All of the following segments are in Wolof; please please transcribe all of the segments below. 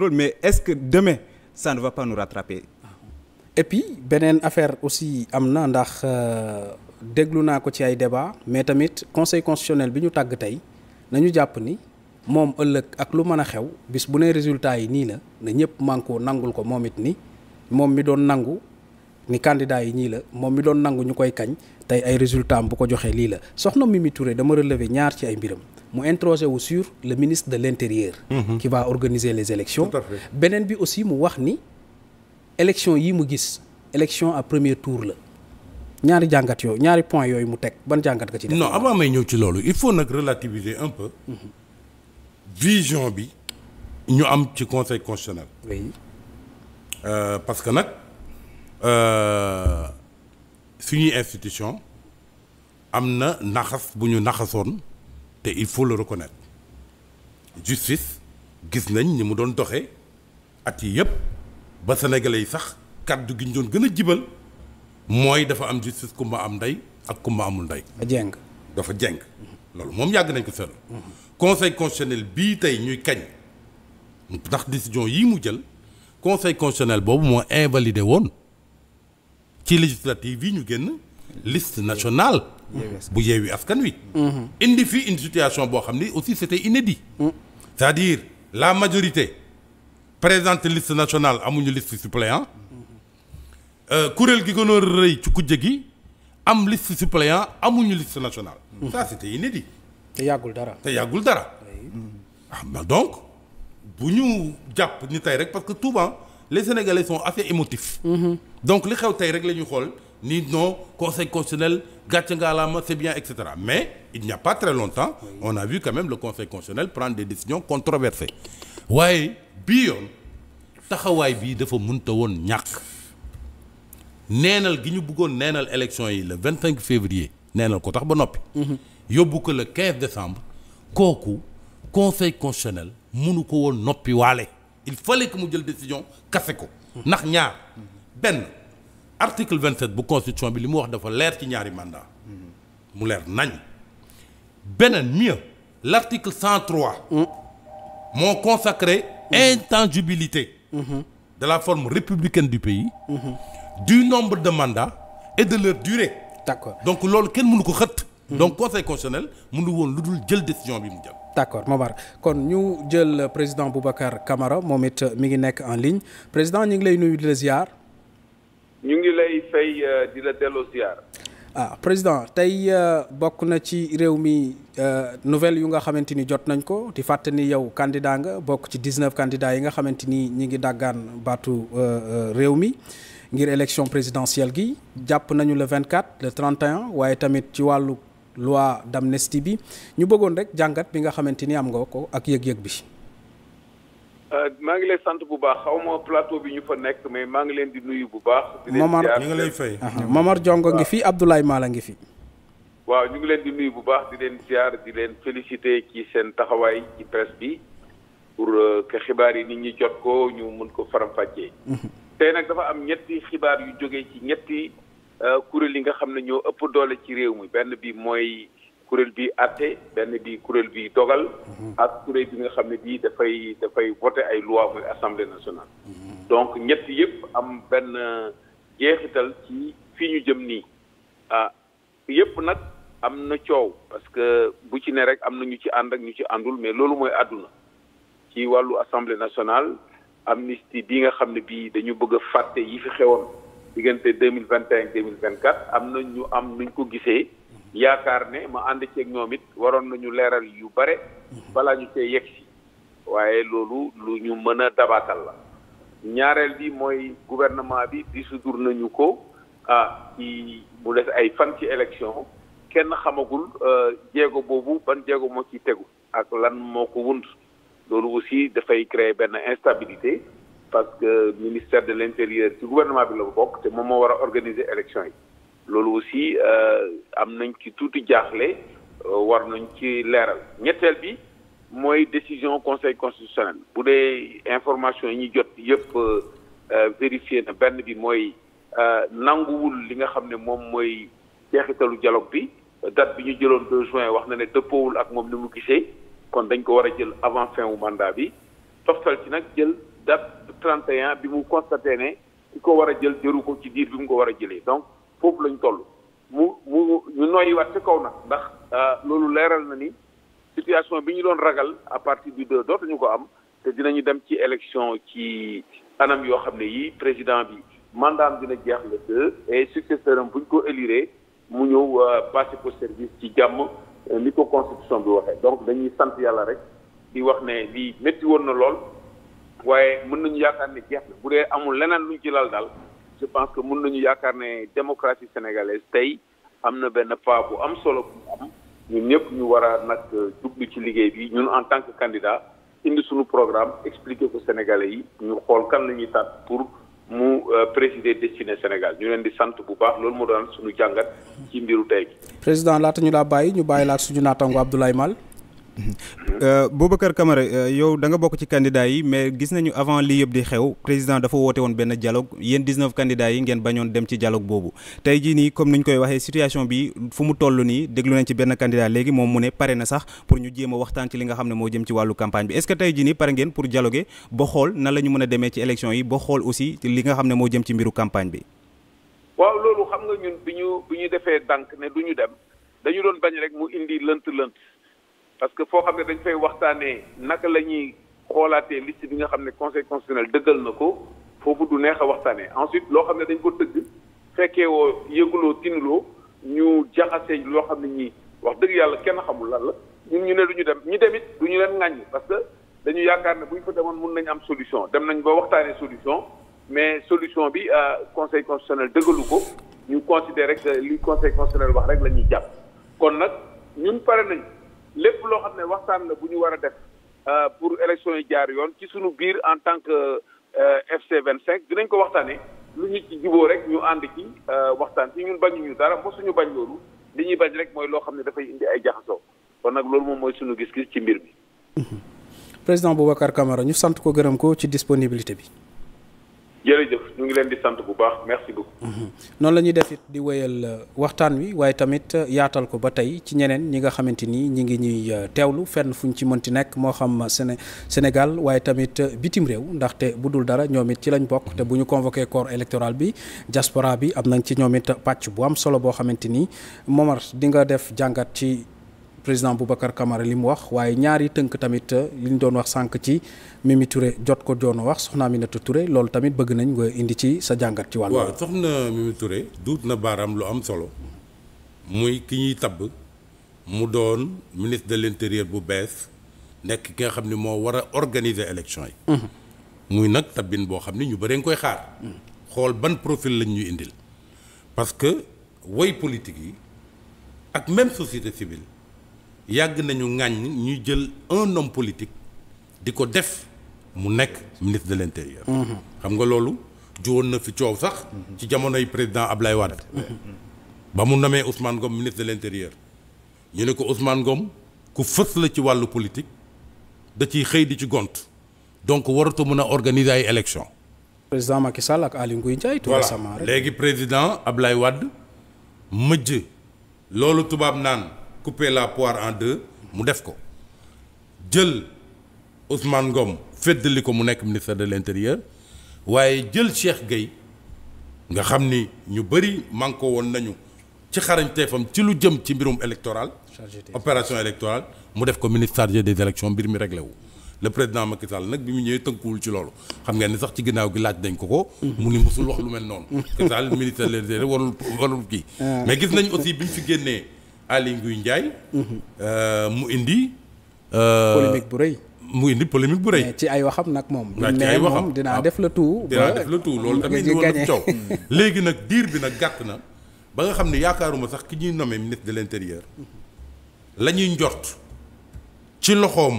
drôle mais est-ce que demain ça ne va pas nous rattraper. beneen affaire aussi am na ndax euh, déglu naa ko ci ay débat mais tamit conseil constitutionnel bi ñu tàgg tey nañu jàpp ni moom ëllëg ak lu mën a xew bis bu ne résultat yi nii la na ñëpp mànkoo nangul ko moom it ni moom mi doon nangu ni candidat yi ñii la moom mi doon nangu ñu koy kañ tey ay résultat am bu ko joxee lii la soxna Mimi Touré dama relever ñaar ci ay mbiram mu introsé wu sur le ministre de l'intérieur mhm. qui va organiser les élections beneen bi aussi mu wax ni élection yi mu gis élection à premier tour la ñaari jàngat yooyu ñaari point yooyu mu teg ban jàngat nga ci def non avant may ñëw ci loolu il faut nag relativiser un peu mhm. vision bi ñu am ci conseil constitutionnel euh, Euh, suñuy institution am na naxas bu ñu naxasoon te il faut le reconnaître justice gis nañ ni mu doon doxee at yi yëpp ba sénégalais yi sax kàddu gi ñu doon gën a jibal mooy dafa am justice kumba am ndey ak kumba amul ndey. dafa jeng dafa jeng loolu moom yàgg nañ ko seetlu. conseil constitutionnel bii tey ñuy kañ ndax décision yii mu jël conseil constitutionnel boobu moo invalidé woon. ci législative yi ñu génn liste nationale bu Yewwi Askan Wi indi fii une situation boo xam ni aussi e inédit c'est-à-dire la majorité présente liste nationale amuñu liste suppléant euh, kuréel gi gënoon rëy ci kujje gi am list suppléant amuñu liste nationale ça c'était inédit te yàggul dara te yàggul dara ah donc bu ñu jàpp ni tey rek parce que souvent les sénégalais sont assez émotifs. Mhm. donc li xew tey rek la ñuy xool ni non conseil constitutionnel gàcce ngaalaama c'est bien et cetera mais il n'y a pas très longtemps on a vu quand même le conseil constitutionnel prendre des décisions controversées waaye bii yoon taxawaay bii dafa mënta woon ñàkk neenal gi ñu bëggoon neenal élection yi le 25 février neenal ko tax ba noppi. Mhm. yóbbu ko le 15 décembre kooku conseil constitutionnel mënu ko woon noppiwaale il fallait que mu jël décision kase ko ndax ñaar benn article 27 bu constitution bi li mu wax dafa leer ci ñaari mandat mu leer nañ beneen mieux l' article 103 moo consacré intangibilité de la forme républicaine du pays du nombre de mandats et de leur durée d'accord donc loolu kenn mënu ko xët donc conseil constitutionnel mënu woon lu dul jël décision bi mu jël d'accord Momar kon ñu jël président Boubacar kamara moom it mi ngi nekk en ligne président ñu ngi lay nuyu di la ziar. ñu ngi lay fay euh, di la delloo ziar. ah président tey euh, bokk na ci réew mi euh, nouvelle yu nga xamante ni jot nañ ko di fàttali ni yow candidat nga bokk ci 19 candidats yi nga xamante ni ñi ngi dàggaan baatu réew mi. ngir élection présidentielle gi jàpp nañu le 24 le 31 waaye tamit ci wàllu loi d'amnistie bi ñu bëggoon rek jàngat bi nga xamante ni am nga ko ak yëg-yëg bi. Euh, maa ngi lay sant bu baax xaw ma plateau bi ñu fa nekk mais maa ngi leen di nuyu bu baax. di leen Momar ñu ngi lay fay. Momar Diongo ngi fi Abdoulaye Mala ngi fi. waaw ñu ngi leen di nuyu bu baax di leen ziar di leen féliciter ci seen taxawaay ci presse bi pour euh, que xibaar yi nit ñi jot ko ñu mën ko faram-fàccee. tey nag dafa am ñetti xibaar yu jógee ci ñetti Euh, kuréel yi nga xam ne ñoo ëpp doole ci réew mi benn bi mooy kuréel bi àtte benn bi kuréel bi dogal mhm. ak kuréel bi nga xam ne bii dafay dafay voté ay loi muy assemblée nationale mhm. donc ñett yëpp am benn jeexital ci fii ñu jëm nii ah yëpp nag am na coow parce que bu ci ne rek am na ñu ci ànd ak ñu ci àndul mais loolu mooy àdduna ci wàllu assemblée nationale amnistie bi nga xam ne bii dañu bëgg a fàtte yi fi xewoon diggante deux mille vingt et un deux mille vingt quatre am na ñu am nuñ ko gisee yaakaar ne ma ànd ceeg ñoom it waroon nañu leeral yu bare balaa ñu cee yegg ci waaye loolu lu ñu mën a dabaatal la ñaareel bi mooy gouvernement bi di sudur nañu ko ah ci mu des ay fan ci élection kenn xamagul euh, jéego boobu ban jéego moo ci tegu ak lan moo ko wund loolu aussi dafay créer benn instabilité parce que ministère de l' intérieur ci gouvernement bi la ko bokk te moom moo war a organiser élection yi loolu aussi euh, am nañ ci tuuti jaaxle euh, war nañ ci leeral ñetteel bi mooy décision conseil constitutionnel bu dee information yi ñu jot yëpp euh, vérifié na benn bi mooy nanguwul li nga xam ne moom mooy jeexitalu dialogue bi date bi ñu jëloon juin wax na ne dëppoowul ak moom ni mu gisee kon dañ ko war a jël avant fin wu mandat bi toftal ci nag jël date 31 bi mu constaté ne ki ko war a jël jëru ko ci diir bi mu ko war a jëlee donc foofu lañu toll mu mu ñu noyyiwaat ci kaw nag ndax euh, loolu leeral na ni situation bi ñu doon ragal à partir du deux dootuñu ko am te dinañu dem ci élection ci anam yoo xam ne yii président bi mandat dina jeex le deux et successeur am ko éliré mu ñëw euh, passé pour service ci jàmm euh, ni ko constitution bi waxee donc dañuy sant yàlla rek di wax ne lii métti na lool waaye mën nañu yaakaar ne jeex bu dee amul leneen luñ ci lal daal je pense que mën nañu yaakaar ne démocratie sénégalaise tey am na benn pas bu am solo bu am ñun ñëpp ñu war a nag euh, jublu ci liggéey bi ñun en tant que candidat indi suñu programme expliquer ko Sénégalais yi ñu xool kan la ñuy tànn pour mu euh, présider destiné Sénégal ñu leen di sant bu baax loolu moo doon suñu jàngat ci mbiru tey. président laata ñu laa bàyyi ñu bàyyi laa suñu naataango Abdoulaye Mal. Euh, Boubacar Camara euh, yow da bokk ci candidat yi mais gis nañu avant lii di xew président dafa woote woon benn dialogue yéen 19 candidats yi ngeen bañoon dem ci dialogue boobu tey jii nii comme ni ñu koy waxee situation bi fu mu toll nii déglu nañ ci benn candidat léegi moom mu ne pare na sax pour ñu jéem waxtaan ci li nga xam ne moo jëm ci wàllu campagne bi est-ce que nii pare ngeen pour dialoguer ba xool nan la mën a demee ci élection yi ba xool parce que foo xam ne dañu fay waxtaanee naka la ñuy xoolaatee liste bi nga xam ne conseil constitutionnel dëggal na ko foofu du neex a waxtaanee ensuite loo xam ne dañ ko tëgg fekkee woo yëguloo tinuloo ñu jaxase loo xam ne ñii wax dëgg yàlla kenn xamul lan la ñun ñu ne du ñu dem ñu demit du ñu leen ŋàññ parce que dañu yaakaar ne bu ñu fa demoon mun nañ am solution dem nañ ba waxtaanee solution mais solution bi euh, conseil constitutionnel dëggalu ko ñu considéré rek li conseil constitutionnel wax rek la ñuy jàpp kon nag ñun pare nañ lépp loo xam ne waxtaan la bu ñu war a def euh, pour élection yi jaar yoon ci suñu biir en tant que euh, FC 25 dinañ ko waxtaanee lu ñu ci juboo rek ñu ànd ci euh, waxtaan ci ñun bañuñu dara suñu bañ loolu li ñuy bañ rek mooy loo xam ne dafay indi ay jaxasoo kon nag loolu moom mooy suñu gis-gis ci mbir bi. président Boubacar Camara ñu sant ko gërëm ko ci disponibilité bi. ñu ngi leen di sant bu baax mhm. noonu la ñuy def it di woyal euh, waxtaan wi waaye tamit euh, yaatal ko ba tey ci ñeneen ñi nga xamante ni ñi ngi ñuy euh, teewlu fenn fu ñu ci mënti nekk moo xam Séné Sénégal waaye tamit bitim réew ndaxte bu dul dara ñoom it ci lañ bokk te bu ñu convoqué corps électoral bi diaspora bi am nañ ci ñoom it pàcc bu am solo boo xamante ni Momar dinga def jàngat ci. président Boubacar Camara li mu wax waaye ñaari tënk tamit euh, li ñu doon wax sànq ci Mimi Touré jot ko joon wax soxna Aminata Touré loolu tamit bëgg nañ nga indi ci sa jàngat ci wàll waaw soxna Mimi Touré duut na baaraam lu am solo muy ki ñuy tabb mu doon ministre de l'intérieur bu bees nekk ki nga xam ni moo war organiser élection yi. Mhm. muy nag tabbin boo xam ne ñu bëree nga koy xaar. Mhm. xool ban profil lañ ñu indil. parce que woy politique yi ak même société civile. yàgg nañu ŋàññ ñuy jël un homme politique di ko def mu nekk ministre de l'intérieur xam nga loolu juwoon na fi coow sax ci jamonoy président Ablaye Wade ba mu namee Ousmane Ngom ministre de l'intérieur ñu ne ko Ousmane Ngom ku fës la ci wàllu politique da ciy xëy di ci gont donc waratu mën a organiser ay élections. président Macky Sall ak Aly Ngouille Ndiaye. tout récemment léegi président Ablaye Wade mëjj loolu tubaab naan. couper la poire en deux mu def ko jël Ousmane Ngom feddali ko mu nekk ministre de l'intérieur waaye jël Cheikh Gueye nga xam ni ñu bari manko woon nañu ci xarañteefam ci lu jëm ci mbirum électoral opération électorale mu def ko ministre chargé des élections mbir mi réglé wu le président Macky Sall nag bi mu ñëwee tënkuwul ci loolu xam ngeen ni sax ci ginnaaw gi laaj dañ ko ko mu ni musul wax lu mel noonu Macky Sall ministre de l'intérieur warul warul kii ah. mais gis nañ aussi génnee Aly Ngouille Ndiaye. Mhm. Euh, mu indi. Euh, polémique bu rëy. mu indi polémique bu rëy. ci ay waxam nag moom. ci ay waxam dinaa ah. def le tout. dinaa def le tout loolu tamit hmm. léegi nag diir bi nag gàtt na ba nga xam ne yaakaaruma sax ki ñuy nommé ministre de l'intérieur hmm. la ñuy njort ci loxoom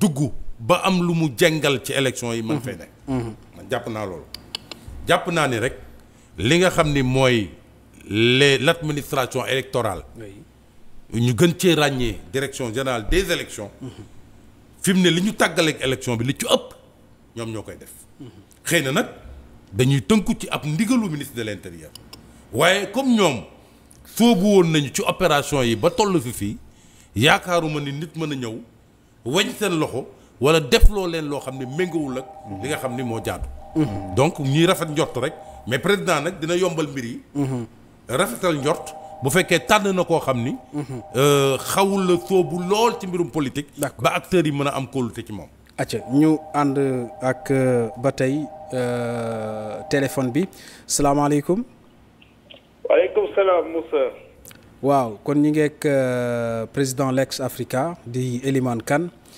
dugg ba am lu mu jengal ci élection yi. man hmm. fay nekk. jàpp naa loolu. jàpp naa ni rek li nga xam ni mooy. les l' administration électorale. ñu gën cee ràññee direction générale des élections. Mm-hmm. fi mu ne li ñu tàggaleeg élection bi li ci ëpp ñoom ñoo koy def. Mm-hmm. xëy na nag dañuy tënku ci ab ndigalu ministre de l' intérieur. waaye comme ñoom soobu woon nañu ci opération yi ba toll fi fii yaakaaruma ni nit mën a ñëw weñ seen loxo wala def loo leen loo xam ne méngawul ak. Mm-hmm. li nga xam ni moo jaadu. donc ñuy rafet njort rek mais président nag dina yombal mbir yi. rafetal njort bu fekkee tànn na koo xam ni. Mhm. Euh, xawul la soobu lool ci mbirum politique. ba acteurs yi mën a am kóolute ci moom. acca ñu ànd ak euh, ba tey euh, téléphone bi salaamaaleykum. waaleykum salaam Moussa. waaw kon ñu ngeek président Lex Africa di Elimane Kane.